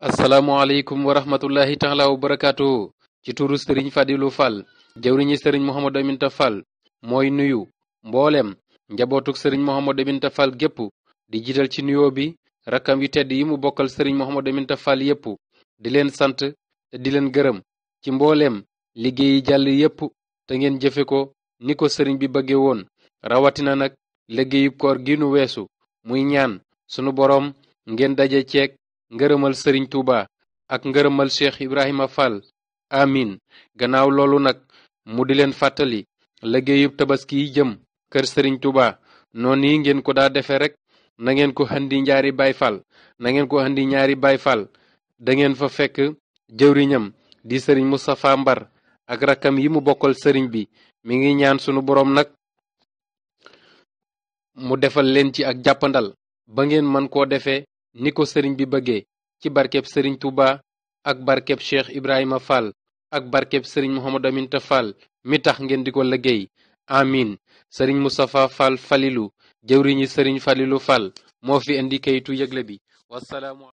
asalaamualeykum wa rahmatullahi taala wa barakaatu ci turu sëriñ Fadilou Fall jëwriñi sëriñ Mouhamadou Aminta Fall mooy nuyu mboolem njabootug sëriñ Mouhamadou Aminta Fall gépp di jiital ci nuyoo bi rakkam yu tedd yi mu bokkal sëriñ Mouhamadou Aminta Fall yépp di leen sant te di leen gërëm ci mbooleem liggéeyi jàll yépp te ngeen jëfe ko ni ko sëriñ bi bëgge woon rawatina nag liggéeyu koor gi nu weesu muy ñaan sunu boroom ngeen daje ceeg ngeureumal sering tuba, ak ngeureumal cheikh ibrahima fall amin gannaaw lolou nak, mu di leen fàttali liggéeyub tabaski jëm keur serigne touba noni ngeen ko da defé rek na ngeen ko handi ñaari bay fall na ngeen ko handi ñaari bay fall da ngeen fa fekk di serigne mustapha Mbar ak rakam yi mu bokkal serigne bi mi ngi ñaan sunu borom nak, mu defal len ci ak jappandal ba ngeen man ko defé ni ko sëriñ bi bëggee ci barkeb sëriñ Touba ak barkeb Cheikh Ibrahima Fall ak barkeb sëriñ Mouhamadou Aminta Fall mi tax ngeen di ko liggéey amin sëriñ Moustapha Fall Falilu jëwriñi sëriñ Falilu Fall moo fi indi kayitu yëgle bi wasalaamu